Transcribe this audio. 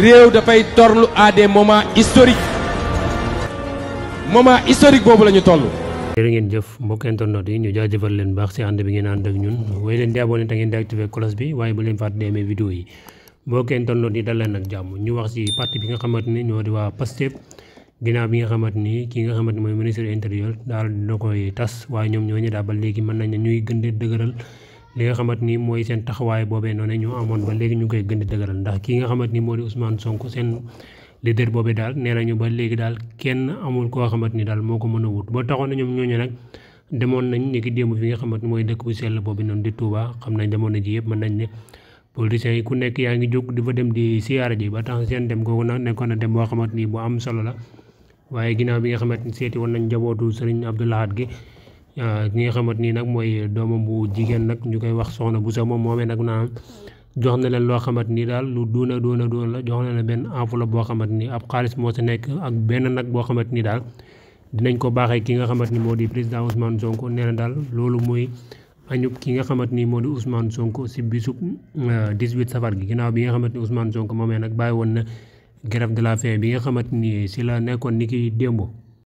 réew dafay torlu à des moments historiques moment historique boobu la ñu toll. jërë ngeen jëf mbokk internet yi ñu jaajëfal leen baax si ànd bi ngeen ànd ak ñun wéy leen di abonné te ngeen di waaye bu leen fàtte di aimé vidéo yi mbokk internet yi ñu wax si parti bi nga xamante ni ñoo di waa Pastef ginnaaw bi nga xamante ni ki nga xamante ni mooy ministre intérieur daal dina koy tas waaye ñoom ñoo daal ba léegi mën nañ ñuy gën di dëgëral. li nga xamante ni mooy seen taxawaay boobee noonu ñu amoon ba léegi ñu ngi koy gën di dëgëral ndax kii nga xamante ni moo di Ousmane Sonko seen leader boobee daal nee nañu ba léegi daal kenn amul koo xamante ni daal moo ko mën a wut ba taxoon na ñoom ñooñu nag demoon nañ ni démb fi nga xamante mooy dëkk bu sell boobu noonu di Touba xam nañ demoon na ji yëpp mën nañ ne yi ku nekk yaa ngi jóg di fa dem di siyaara ji ba tax seen dem googu nag nekkoon na dem boo xamante ni bu am solo la waaye ginnaaw bi nga xamante ni seeti woon nañ njabootu Serigne Abdou Lahad gi Euh, ki nga xamante ni nag mooy doomam bu jigéen nag ñu koy wax soxna bu sa moom moomee nag naa jox na leen loo xamante ni daal lu duuna duuna duuna la jox na leen benn enveloppe boo xamante ni ab xaalis moo si nekk ak benn nag boo xamante ni daal dinañ ko baaxee ki nga xamante ni moo di président Ousmane Sonko nee daal loolu muy añub ki nga xamante ni moo di Ousmane Sonko si bisub 18 euh, safar gi ginnaaw bi nga xamante ni Ousmane Sonko moomee nag bàyyi woon na grève de la faim bi nga xamante ni si la nekkoon ni ki démb.